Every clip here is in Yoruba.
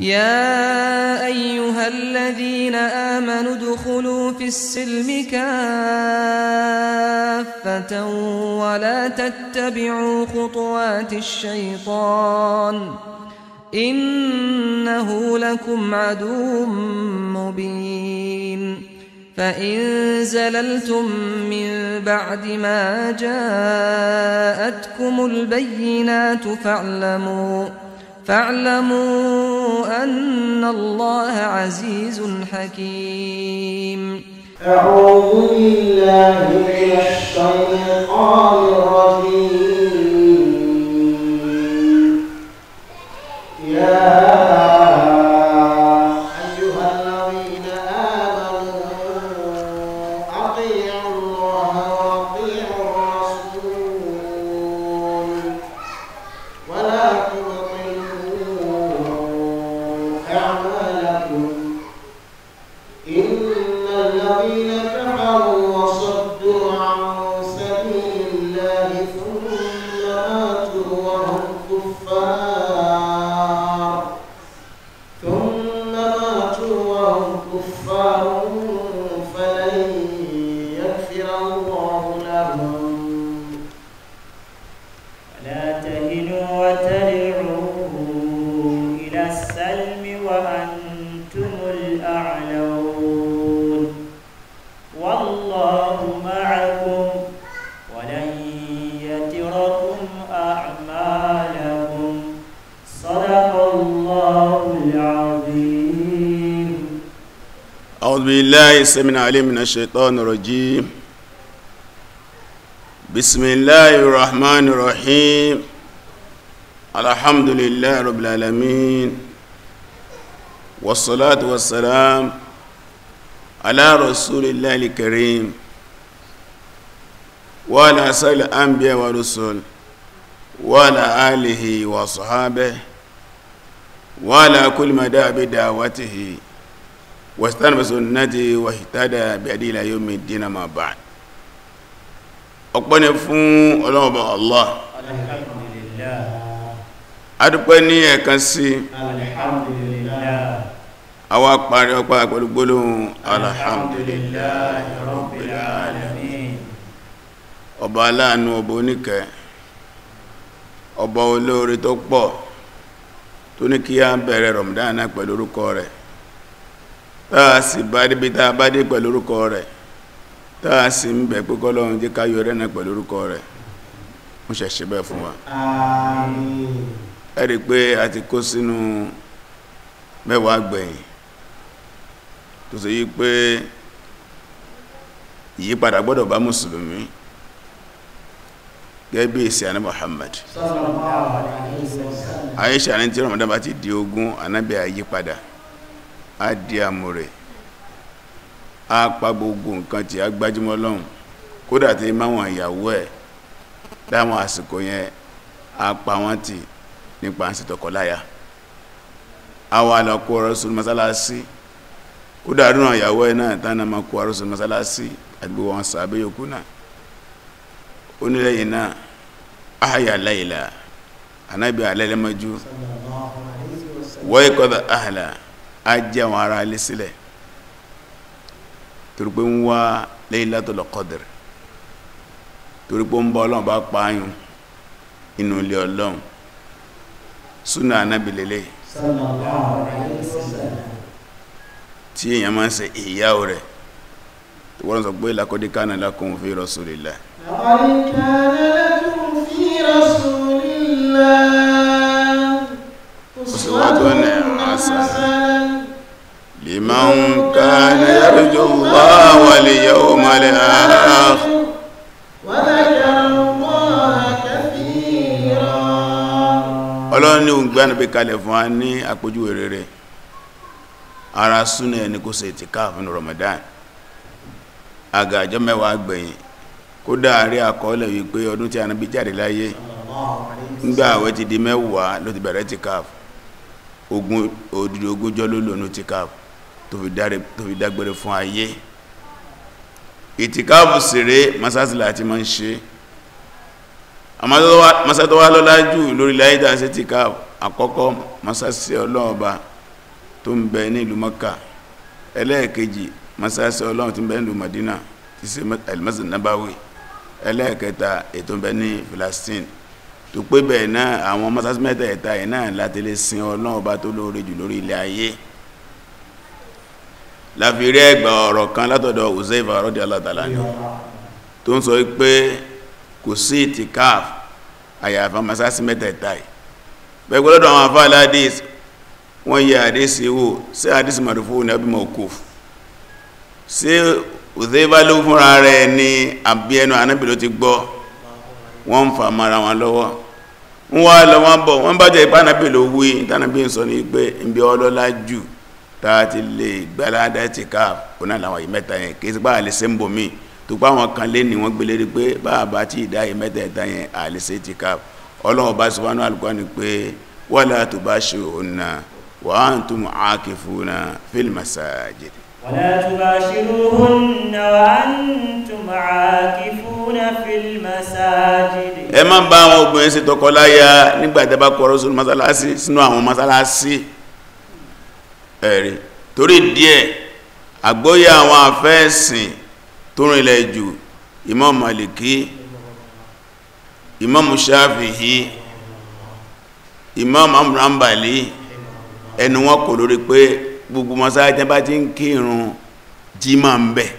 يا ايها الذين امنوا ادخلوا في السلم كافه ولا تتبعوا خطوات الشيطان انه لكم عدو مبين فان زللتم من بعد ما جاءتكم البينات فاعلموا فاعلموا أن الله عزيز حكيم أعوذ بالله من الشيطان الرجيم يا العلم وأنتم الأعلون والله معكم ولن يتركم أعمالكم صدق الله العظيم أعوذ بالله السميع العليم من الشيطان الرجيم بسم الله الرحمن الرحيم الحمد لله رب العالمين والصلاة والسلام على رسول الله الكريم وعلى سائر الأنبياء والرسل وعلى آله وصحابه وعلى كل مدى بدعوته واستنى بسنته واهتدى بهدي إلى يوم الدين ما بعد ọpẹ́ ni fún ọlọ́ọ̀bọ̀ Allah alhamdulillah adúpẹ́ ní ẹ̀kan sí alhamdulillah awa parí ọpá pẹ̀lú alhamdulillahi ọba aláàánú ọba ọba olóore tó pọ̀ tó ní kí a bẹ̀rẹ̀ rọ̀mdánà pẹ̀lú orúkọ rẹ̀ táà sì bá débi bá dé pẹ̀lú orúkọ rẹ̀ táà sì ń bẹ̀ pé kọ́lọ́run orúkọ rẹ̀ mú tó ṣe yí pé ìyípadà gbọ́dọ̀ bá mùsùlùmí gẹ́gẹ́ bí àní Muhammad Aisha ní tí Ramadan bá ti di ogún anábẹ́ àyípadà á di àmúrè á pa gbogbo nǹkan tí a gbájúmọ́ lọ́hùn kódà tí máwọn ìyàwó ẹ̀ láwọn àsìkò yẹn á pa wọ́n tì nípa àṣetọkọláya àwọn àlọ́kọ́ Rasul mọ́sálásí ó dàrú àwọn ìyàwó ẹ̀ náà tánà máa kó àrùsùn masalasi àgbò wọn sàbẹ̀ yòókù náà ó nílẹ̀ yìí náà ahàyà láìlà anábì alẹ́lẹ́mọ́jú wọ́n ìkọ́dà ahàlà á jẹ́ àwọn ará alẹ́ sílẹ̀ torí ń wá Laylatul Qadr torí pé ń bọ́ ọlọ́run bá pààyàn inú ilé ọlọ́run súnà anábì lélẹ̀ tí èyàn máa ń ṣe ìyàwó rẹ̀ tó wọ́n sọ pé laqad kana lakum fi rasulillah laqad kana lakum fi rasulillah uswatun hasanah liman kana yarju Allaha wal yawmal akhir wa dhakara Allaha kathira ọlọ́run ní òun gbánibé kalẹ̀ fún wa ní àpójú rere ara súnà ẹni kó ṣe ìtìkáàfù nínú Ramadan àgàjọ́ mẹ́wàá gbẹ̀yìn kó dáàrí àkọọ́lẹ̀ wípé ọdún tí Ànábì jáde láyé nígbà àwẹ̀ ti di mẹ́wàá ló ti bẹ̀rẹ̀ ìtìkáàfù ogun òdìdí ogúnjọ́ ló lò ní ìtìkáàfù tó fi dágbére fún ayé ìtìkáàfù sèré masásílà àti ma ń ṣe masátọ́wà lọ́lájú lórí láyé dáa sí ìtìkáàfù àkọ́kọ́ masásí ọlọ́ọ̀ba tó ń bẹ ní ìlú Mọ́kà ẹlẹ́ẹ̀kejì masáàsì ọlọ́run tó ń bẹ ní ìlú Madina ti ṣe alimasi nabawi ẹlẹ́ẹ̀kẹta ètò ń bẹ ní Filastin tó pé bẹ́ẹ̀ náà àwọn masáàsì mẹ́tẹ̀ẹ̀ta yìí náà láti lè sin ọlọ́run ọba tó lóore jù lórí ilẹ̀ ayé láfi ẹgbà ọ̀rọ̀ kan látọ̀dọ̀ Uzaifa radiyallahu ta'ala anhu tó ń sọ pé kò sí ìtìkáf àyàfà masáàsì mẹ́tẹ̀ẹ̀ta yìí bẹ́ẹ̀ gbọ́dọ̀ àwọn afá aládìs wọ́n yẹ àdísì wò sí àdísì mọ̀rùfú ní ọbí mọ̀kúf sí òzèbá ló fúnra rẹ̀ ní àbí ẹnu ànábì ló ti gbọ́ wọ́n ń fa mara wọn lọ́wọ́ wọ́n wá lọ wọ́n bọ̀ wọ́n bá jẹ́ ipá ànábì ló wí ìtànàbí ń sọ ní pé ibi ọlọ́lá jù táà ti lè gbáládá wọ́n gbélé bá àbá tí ìdá وأنتم عاكفون في المساجد ولا تباشروهن وأنتم عاكفون في المساجد ẹ má bá àwọn obìnrin ṣe tọkọláya nígbà tẹ́ bá kọ̀rọ̀ sínú mọ́sálásí sínú àwọn mọ́sálásí ẹ̀rí torí díẹ̀ àgbóyé àwọn àfẹ́ẹ̀sìn tó rìnlẹ̀ jù Imam Maliki Imam Shafi'i Imam amúrànbàlì ẹnu wọn kò lórí pé gbogbo mọ́sáájì tẹ́ bá ti ń kírun jímọ̀ ń bẹ̀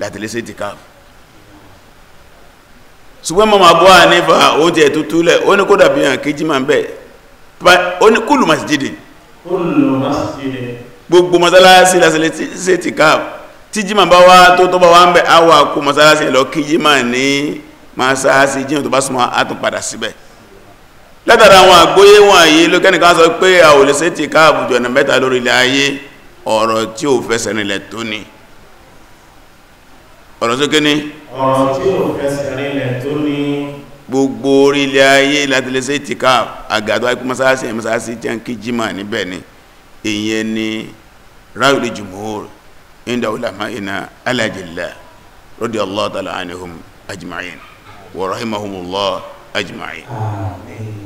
láti lè ṣe ìtìkáàfù ṣùgbọ́n mọ́ Abu Hanifa òun ti ẹ̀tù túlẹ̀ ó ní kó dàbí hàn kí jímọ̀ ń bẹ̀ ó ní kúlù masjidin gbogbo mọ́sálásí láti lè ṣe ìtìkáàfù tí jímọ̀ bá wá tó tó bá wá ń bẹ̀ á wà kó mọ́sálásí lọ kí jímọ̀ ní mọ́sálásí jímọ̀ tó bá súnmọ́ á tún padà síbẹ̀ látara àwọn àgbóyé wọn àyè lókẹ́nìkan sọ pé a ò lè ṣe ti ká àbùjọ ọ̀nà mẹ́ta lórí ilẹ̀ ayé ọ̀rọ̀ tí ò fẹsẹ̀ rinlẹ̀ tó ní ọ̀rọ̀ tó kí ní ọ̀rọ̀ tí ò fẹsẹ̀ rinlẹ̀ tó ní gbogbo orí ilẹ̀ ayé láti lè ṣe ti ká àgàdọ́ ikú mọ́sáàsì mọ́sáàsì tí a ń kí ajma'in wa rahimahumullah ajma'in amin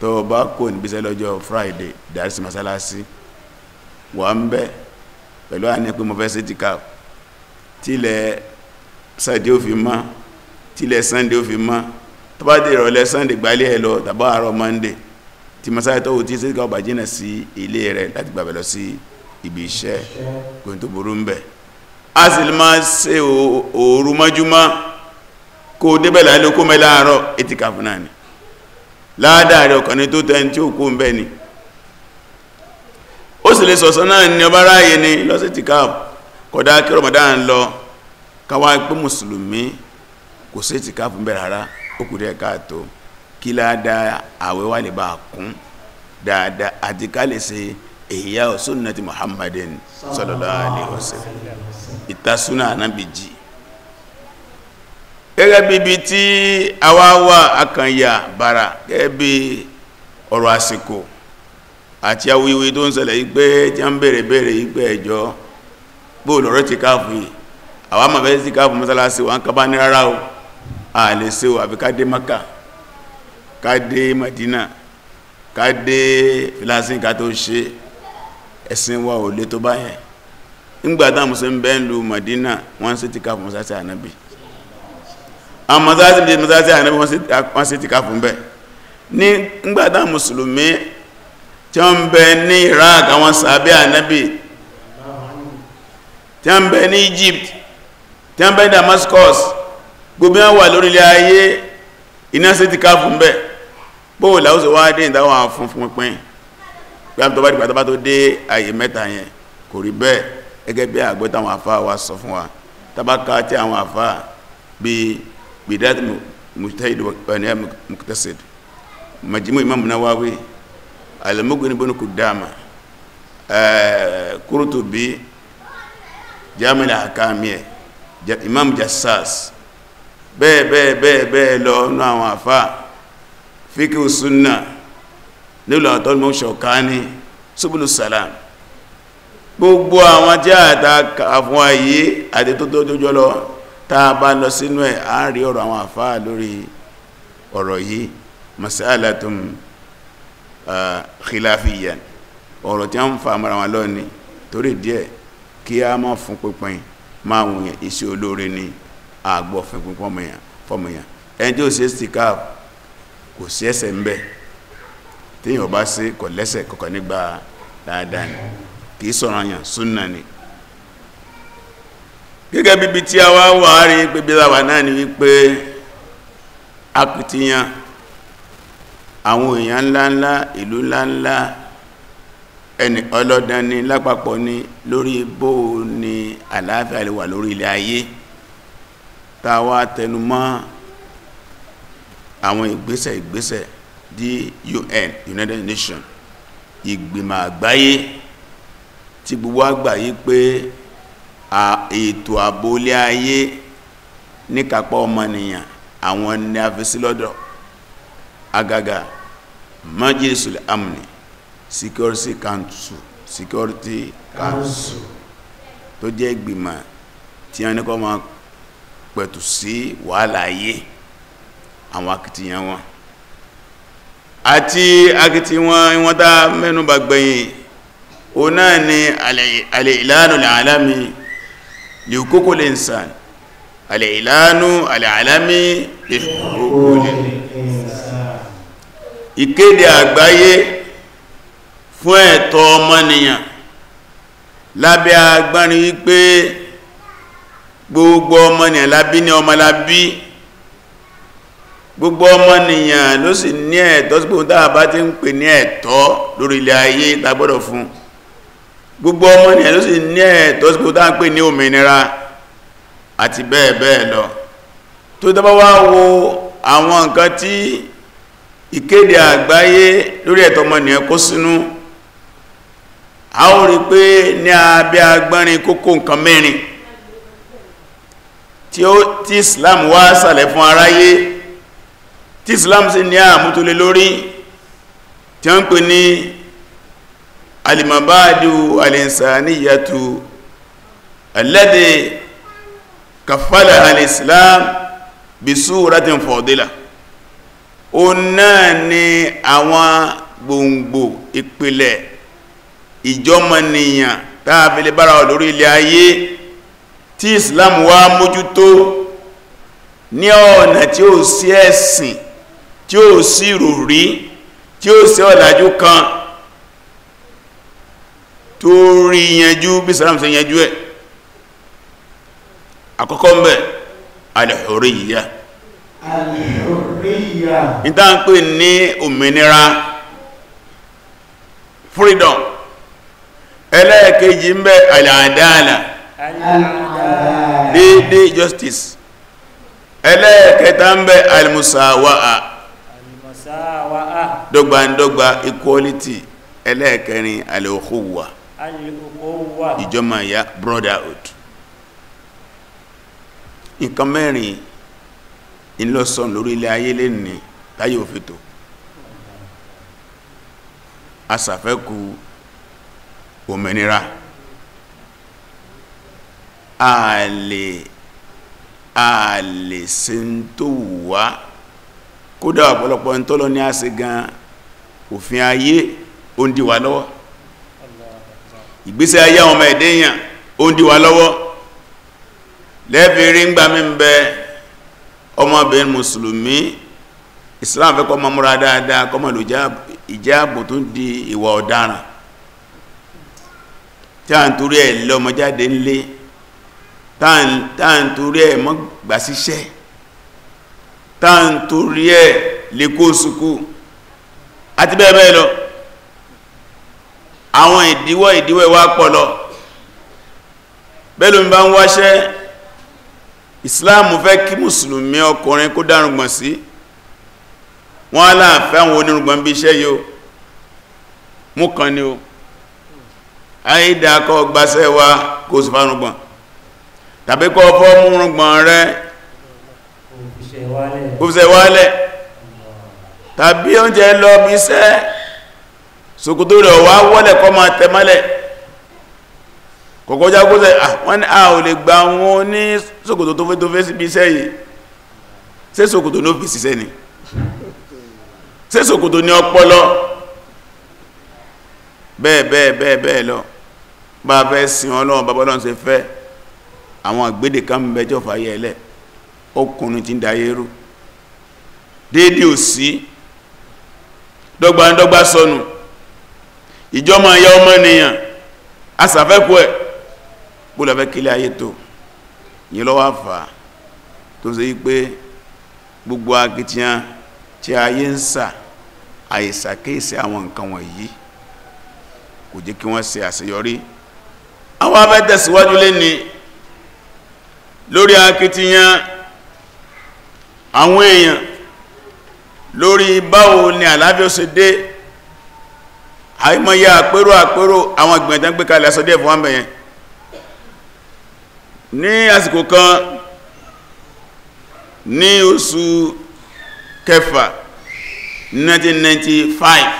tó o bá kò níbi iṣẹ́ lọ́jọ́ friday darí sí masalasi wà ń bẹ pẹ̀lú àní pé mo fẹ́ ṣe tìka tilẹ̀ saturday ó fi mọ́ tilẹ̀ sunday ó fi mọ́ tó bá dé ìrọ̀lẹ́ sunday gbalẹ̀ ẹ lọ tàbá àárọ̀ monday tí masalasi tó o ti ṣe tìka ọba jìnnà sí ilé rẹ láti gbàgbẹ́ lọ sí ibi iṣẹ́ kò burú ń bẹ̀ a sì máa ṣe òru mọ́júmọ́ kó o débẹ̀ láìlókó mẹ́láàárọ̀ ètìkà fún náà ni ládàrí ọkàn ní tó tẹ́ni tí ó kó ń bẹ́ ni ó sì lè sọ̀sọ́ náà ní ọba ráyé ni lọ́sí ti káàpù kọ̀dá kí Ramadan lọ káwá pé mùsùlùmí kò sí ti káàpù bẹ̀rẹ̀ rárá ó kù díẹ̀ káàtó kí ládàá àwẹ̀ wà lè bá kún dáadáa àti ká lè ṣe èyí yá sunnati gẹ́gẹ́ bí ibi tí àwa wà akànyà bàrà gẹ́gẹ́ bí ọ̀rọ̀ àsìkò àti awuyewuye tó ń ṣẹlẹ̀ ìgbé tí a ń bèèrè bèèrè ìgbé ẹjọ́ bóòlù ọ̀rọ̀ ti káàfù yìí àwa máa sí káàfù mọ́sálásí wọn kábá ní rárá o a lè ṣe o àbí ká maka ká madina ká dé filasin ká tó ṣe ẹ̀sìn wa ò lè tó báyẹn nígbà táwọn mùsùlùmí bẹ́ẹ̀ lu madina wọ́n ń ṣe ti káàfù mọ́sálásí ànábì àwọn mọ́sálásí ní mọ́sálásí àyànà wọ́n sí ti ká fún bẹ́ ní ngbàdá mùsùlùmí tí wọ́n bẹ ní Iraq àwọn sàbẹ́ ànábì tí wọ́n bẹ ní Egypt tí wọ́n bẹ ní Damascus gbogbo wà lórílẹ̀ ayé iná sí ti ká fún bẹ́ bóò láwọ́sọ̀ wá dé ìdáwọn fún fún pín wa sọ tabaka tí àwọn àfáà bidayat mujtahid wa nihaya muktasid majmu imam nawawi al-mughni bin qudama eh, qurtubi jami' al-hakami imam jassas bẹ́ẹ̀ bẹ́ẹ̀ bẹ́ẹ̀ bẹ́ẹ̀ lọ nú àwọn àfá fíkí súnnà nílò àtọ́lùmọ́ ṣọ̀kání subulu salam gbogbo àwọn jẹ́ àtàkà fún ayé àti tó tó jọjọ lọ tá a bá lọ sínú ẹ̀ a rí ọ̀rọ̀ àwọn àfáà lórí ọ̀rọ̀ yìí masalatum khilafiya ọ̀rọ̀ tí a ń fa mara wọn lọ́ni torí díẹ̀ kí a máa fún pínpín máa wùn yẹn iṣẹ́ olóore ni àgbọ̀ fún pínpín fọmọ̀yàn ẹni tí ó ṣe stikaf kò sí ẹsẹ̀ ń bẹ téèyàn bá ṣe kò lẹ́sẹ̀ kọ̀ọ̀kan nígbà dáadáa ni kì í sọ̀rọ̀ yàn súnà ni gẹ́gẹ́ bíbi tí a wá wà rí pé bí láwà náà ni wípé akùtìyàn àwọn èèyàn ńláńlá ìlú ńláńlá ẹni ọlọ́dán ni lápapọ̀ ni lórí bó ni àlàáfíà lè wà lórí ilẹ̀ ayé tá wá tẹnumọ́ àwọn ìgbésẹ̀ ìgbésẹ̀ di UN United Nations ìgbìmọ̀ àgbáyé tí gbogbo àgbáyé pé a ètò àbólé ayé níkàpọ̀ ọmọnìyàn àwọn ni a fi sí lọ́dọ̀ agaga majlisul amni security council security council tó jẹ́ ìgbìmọ̀ tí a níkọ́ ma pẹ̀tù sí wàhálà ayé àwọn akitiyan wọn àti akitiyan wọn tá mẹ́nubà gbẹ̀yìn o náà ni al-i'lanul alami al liukoko lè nsàn alẹ́ ìlànà alẹ́ alámi ìkéde àgbáyé fún ẹ̀tọ́ ọmọnìyàn lábẹ́ agbáni wípé gbogbo ọmọnìyàn lábí ní ọmọlábí gbogbo ọmọnìyàn ló sì ní ẹ̀tọ́ sí gbogbo tàbá tí ń pè ní ẹ̀tọ́ lórí ayé tá fún un gbogbo ọmọ ènìyàn ló sì ní ẹ̀tọ́ sí pòtá ń pè ní òmìnira àti bẹ́ẹ̀ bẹ́ẹ̀ lọ tó tọ́bá wá wo àwọn nǹkan tí ìkéde àgbáyé lórí ẹ̀tọ́ ọmọnìyàn kó sínú a ó rí pé ní abẹ́ agbárin kókó nǹkan mẹ́rin tí ó tí Islam wá sàlẹ̀ fún aráyé tí Islam sì ní àmútólé lórí tí wọ́n pè ní alimabadu alinsaniyatu alladhi kafala alislam bi suratin fadila o náà ni àwọn gbòǹgbò ìpìlẹ̀ ìjọmọ̀nìyàn tààfilé bára lórí ilẹ̀ ayé tí islam wá mójútó ní ọ̀nà tí ó sí ẹ̀sìn tí ó sí rò rí tí ó sí kan tó rí yanjú bí sàrámù ṣe yanjú ẹ̀ àkọ́kọ́ ń bẹ al-hurriya al-hurriya ìta ń pè ní òmìnira freedom ẹlẹ́ẹ̀kejì ń bẹ al-adala dédé justice ẹlẹ́ẹ̀kẹta ń bẹ al-musawa'a al-musawa'a dọ́gbandọ́gba equality ẹlẹ́ẹ̀kẹrin al-ukhuwa ìjọmọ ìyá brotherhood nǹkan mẹ́rin ìlọsàn lórí ilẹ̀ ayé lẹ́ni táyé òfètò asàfẹ́kù òmìnira ààlè ààlè sí tó wà kódà ọ̀pọ̀lọpọ̀ ń tọ́lọ ní àṣẹ òfin ayé ó ń dí lọ́wọ́ ìgbésí ayé àwọn ọmọ ẹ̀dẹ́ èèyàn ó ń díwa lọ́wọ́ lẹ́bìnrin gbà mí ń bẹ ọmọbìnrin mùsùlùmí islam fẹ́ kọ́ mọ́ múra dáadáa kọ́ mọ́ lò ìjáàbò tó ń di ìwà ọ̀daràn tí a ń torí ẹ̀ lọ́mọ jáde ńlé tá ẹ̀ mọ́ gbà síṣẹ́ tá ẹ̀ lè kó sùkú àti bẹ́ẹ̀ bẹ́ẹ̀ lọ àwọn ìdíwọ́ ìdíwọ́ ìwà pọ̀lọ̀ bẹ́lú mi bá ń wáṣẹ́ islam fẹ́ kí mùsùlùmí ọkùnrin kó dárùngbọ̀n sí wọ́n aláàfẹ́ àwọn onírùngbọ̀n bí iṣẹ́ yóò mú kan ni o àìdàkọ́ gbáṣẹ́ wa kó sì fárùngbọ̀n tàbí kọ́ fọ́ múrùngbọ̀n rẹ kó fi ṣe wálẹ̀ tàbí oúnjẹ lọ bí iṣẹ́ ṣòkòtò rẹ̀ wá wọ́lẹ̀ kọ́ máa tẹ̀mọ́lẹ̀ kọ̀kọ́já gbọ́sẹ̀ ah, wọ́n ni a ah, ò lè gba wọn ní ṣòkòtò tó fẹ́ tó fẹ́ síbi iṣẹ́ yìí ṣé ṣòkòtò ló fi ṣiṣẹ́ ni ṣé ṣòkòtò ní ọpọlọ bẹ́ẹ̀ bẹ́ẹ̀ bẹ́ẹ̀ bẹ́ẹ̀ lọ bá fẹ́ sin ọlọ́run bàbá ọlọ́run ṣe fẹ́ àwọn àgbédè kan bẹjọ́ fàyẹ ẹlẹ́ ọkùnrin ti ń da ayérú ìjọmọ̀ ìyá ọmọ ènìyàn asàfẹ́kù ẹ̀ bólàfẹ́ kílẹ̀ ayé tó yìí lọ́wọ́ àfà tó sì pé gbogbo akitiyan tí ayé ń sà àìsàkéèsì àwọn nǹkan wọ̀nyí kò jẹ́ kí wọ́n ṣe àṣeyọrí àwọn abẹ́ tẹ̀síwájú lẹ́ni lórí akitiyan àwọn èèyàn lórí báwo ni àlàáfíà ó dé àìmọ̀yà àpérò àpérò àwọn ìgbìyànjẹ́ ń gbé kalẹ̀ àsọdí ẹ̀fún wọn bẹ̀yẹn ní àsìkò kan ní oṣù kẹfà 1995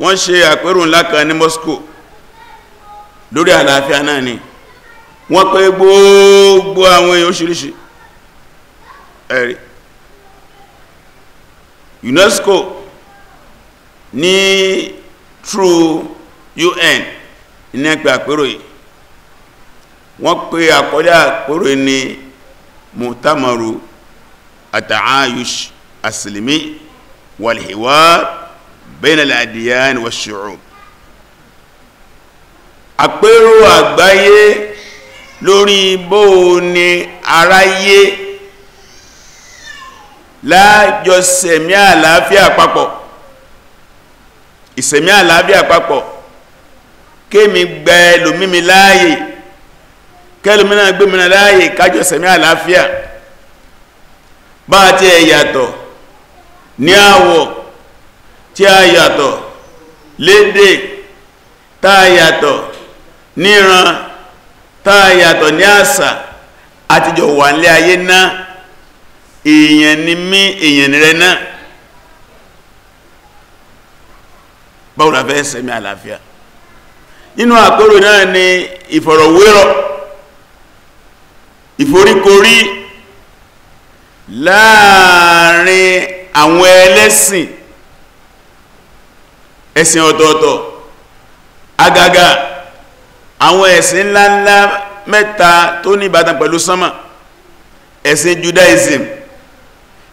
wọ́n ṣe àpérò ńlá kan ní Moscow lórí àlàáfíà náà ni wọ́n pè gbogbo àwọn èèyàn oṣìṣì ẹ̀rì UNESCO ní true UN ní ẹgbẹ́ àpérò yìí wọ́n pé àkọlé àpérò yìí ní mutamaru àtàáyùs àsìlìmí wàlìhíwá bainal adiyan wa shu'ub àpérò àgbáyé lórí bó ní aráyé lájọsẹ̀mí àlàáfíà papọ̀ ìsẹ̀mí àlàáfíà papọ̀ kémi gbẹ ẹlòmími láàyè kẹlòmínà gbẹmìnà láàyè kájọ sẹ̀mí àlàáfíà bá ti ẹ̀ yàtọ̀ ní àwọ̀ tí a yàtọ̀ lédè tá a yàtọ̀ níran tá a yàtọ̀ ní àṣà àtijọ́ wà nílé ayé náà èèyàn ni mí èèyàn rẹ̀ náà báwo la fẹ́ sẹ́mí àlàáfíà nínú àpérò náà ni ìfọ̀rọ̀wérọ̀ ìforíkorí láàrin àwọn ẹlẹ́sìn ẹ̀sìn ọ̀tọ̀ọ̀tọ̀ agaga àwọn ẹ̀sìn ńláńlá mẹ́ta tó ní ìbátan pẹ̀lú sánmà ẹ̀sìn Judaism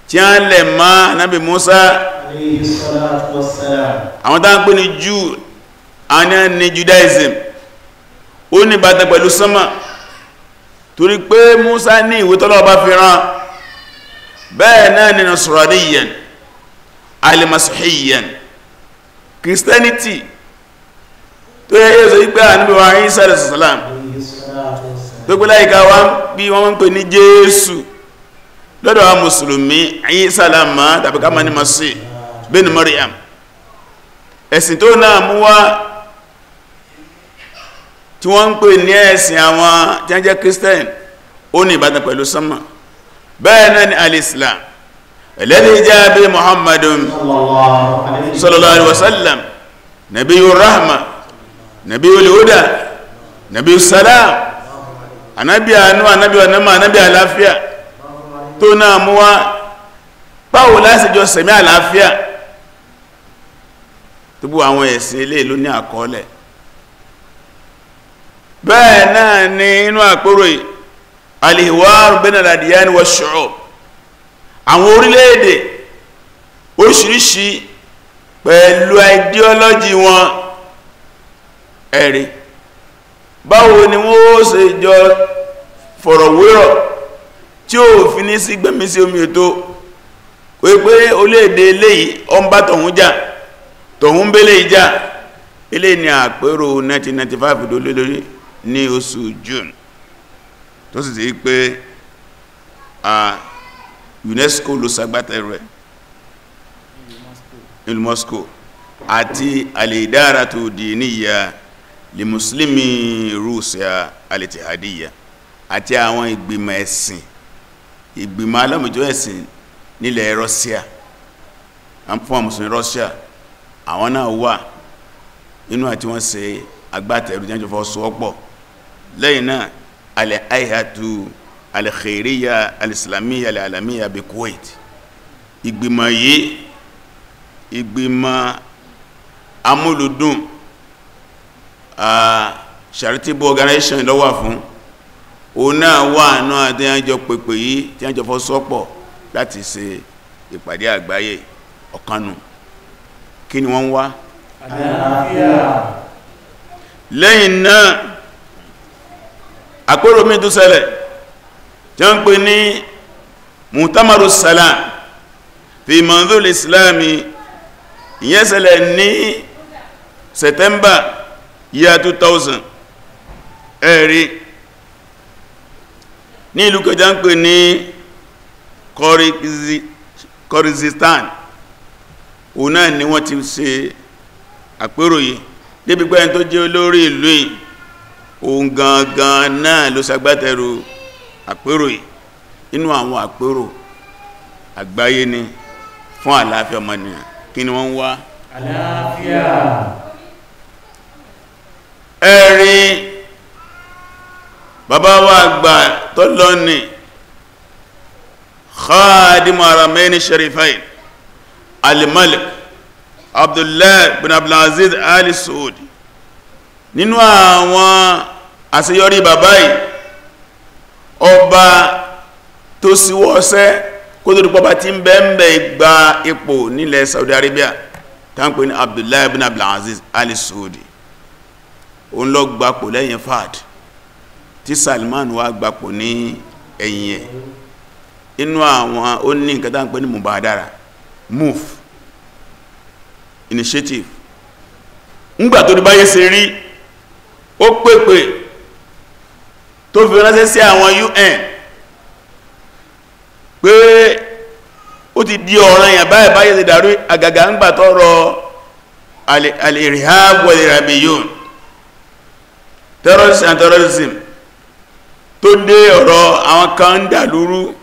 tí a ń lẹ̀ máa nábi Musa àwọn tá ń pè ní Jew àní ní Judaism ó ní bàtà pẹ̀lú sánmà torí pé Musa ní ìwé tọ́lọ́ bá fi rán bẹ́ẹ̀ náà ni Nasraniyyan Al-Masihiyyan Christianity tó yẹ yóò sọ wípé ànábì wa Ìsá alayhi tó pé láìka wá bí wọ́n pè ní Jésù lọ́dọ̀ wa mùsùlùmí Ìsá lámà tàbí ká ma ní Masih bin Maryam ẹ̀sìn tó náà mú wá tí wọ́n ń pè ní ẹ̀sìn àwọn tí a jẹ́ Christian ó ní ìbátan pẹ̀lú sánmà bẹ́ẹ̀ náà ni al-Islam alladhi ja'a bihi Muhammadun sallallahu alaihi wasallam nabiyyur rahma nabiyyul huda nabiyyus gbogbo àwọn ẹ̀sìn ilé ló ní àkọọ́lẹ̀ bẹ́ẹ̀ náà ni inú àpérò alìwárùn bẹ́nàlá dìyàní wọ́n ṣọ́ọ̀ àwọn orílẹ̀-èdè oríṣiríṣi pẹ̀lú ideology wọn ẹ̀rí báwo ni wọ́n ó ṣe jọ fọ̀rọ̀wérọ̀ tí ó fi ní sí gbẹ̀mí sí omi ètò pé pé orílẹ̀-èdè eléyìí ọ jà tòun bélé ìjà ilé ni àpérò 1995 tó lé lórí ní oṣù June tó sì ti pé a UNESCO ló ṣagbátẹ̀ rẹ̀ ìlú Moscow àti alìdára tó dì níyà lè muslimi Russia alìtìhadíyà àti àwọn ìgbìmọ̀ ẹ̀sìn ìgbìmọ̀ alámùjọ ẹ̀sìn nílẹ̀ Russia fún àmùsùn Russia àwọn náà wà nínú àti wọ́n ṣe agbátẹrù jẹ́jọ fọ́ sọ́pọ̀ lẹ́yìn náà alẹ́ àìhàtú alẹ́ khairiyya alìsìlámíyà alẹ́ alàmíyà bí Kuwait ìgbìmọ̀ yìí ìgbìmọ̀ amúlùdùn uh, charitable organization ló wà fún òun náà wà náà tí a jọ pèpè yìí tí a jọ fọ́ sọ́pọ̀ láti ṣe ìpàdé àgbáyé ọ̀kanù kí ni wọ́n wá lẹ́yìn náà àpérò mi tó ṣẹlẹ̀ jẹ́ ń pè ní mutamaru salam fi manzul islami ìyẹn ṣẹlẹ̀ ní september year 2000 ẹ̀rí ní ìlú kẹjá ń pè ní Kyrgyzstan Koriz òun náà ni wọ́n ti ṣe àpérò yìí débi pẹ́yìn tó jẹ́ olórí ìlú yìí òun gangan náà ló ṣagbátẹrù àpérò yìí inú àwọn àpérò àgbáyé ni fún àlàáfíà ọmọnìyàn kí ni wọ́n wá àlàáfíà ẹ̀rí bàbá wa àgbà tó lọ ní khadimu haramaini alimalik abdullahi bin abdulaziz ali saudi nínú àwọn àṣeyọrí bàbá yìí ọba tó síwọ́sẹ́ kó tó dùpọ̀ bá ti ń bẹ́ẹ̀mbẹ̀ ìgbà ipò nílẹ̀ saudi arabia tánkù ní abdullahi bin abdulaziz ali saudi òun lọ gbapò lẹ́yìn fad tí salman wá gbapò ní ẹ̀yìn ẹ̀ inú àwọn ó ní nǹkan tánkù ní mubadara move initiative ńgbà tó di báyé ṣe rí ó pèpè tó fi ránṣẹ́ sí àwọn un pé ó ti di ọ̀ràn yàn báyìí báyé ṣe dàrú àgàgà ńgbà tọ́rọ al-irhab wal terrorism and terrorism tó dé ọ̀rọ̀ àwọn kan ń dàlúrú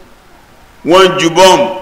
wọ́n ju bọ́m̀bù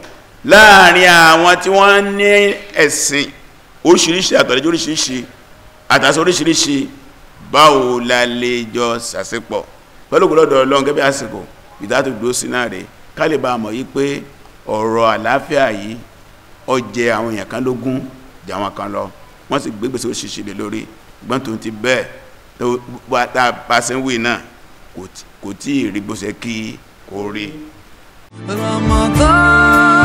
láàrin àwọn tí wọ́n ní ẹ̀sìn oríṣiríṣi àtọ̀lẹ́jọ́ oríṣiríṣi àtàṣọ oríṣiríṣi báwo la lè jọ sàṣepọ̀ pẹ̀lú gbọ́lọ́dọ̀ ọlọ́run gẹ́gẹ́ bí àsìkò ìdátò dúró sí náà rẹ̀ ká lè bá mọ̀ yí pé ọ̀rọ̀ àlàáfíà yìí ó jẹ àwọn èèyàn kan lógún jẹ àwọn kan Ramadan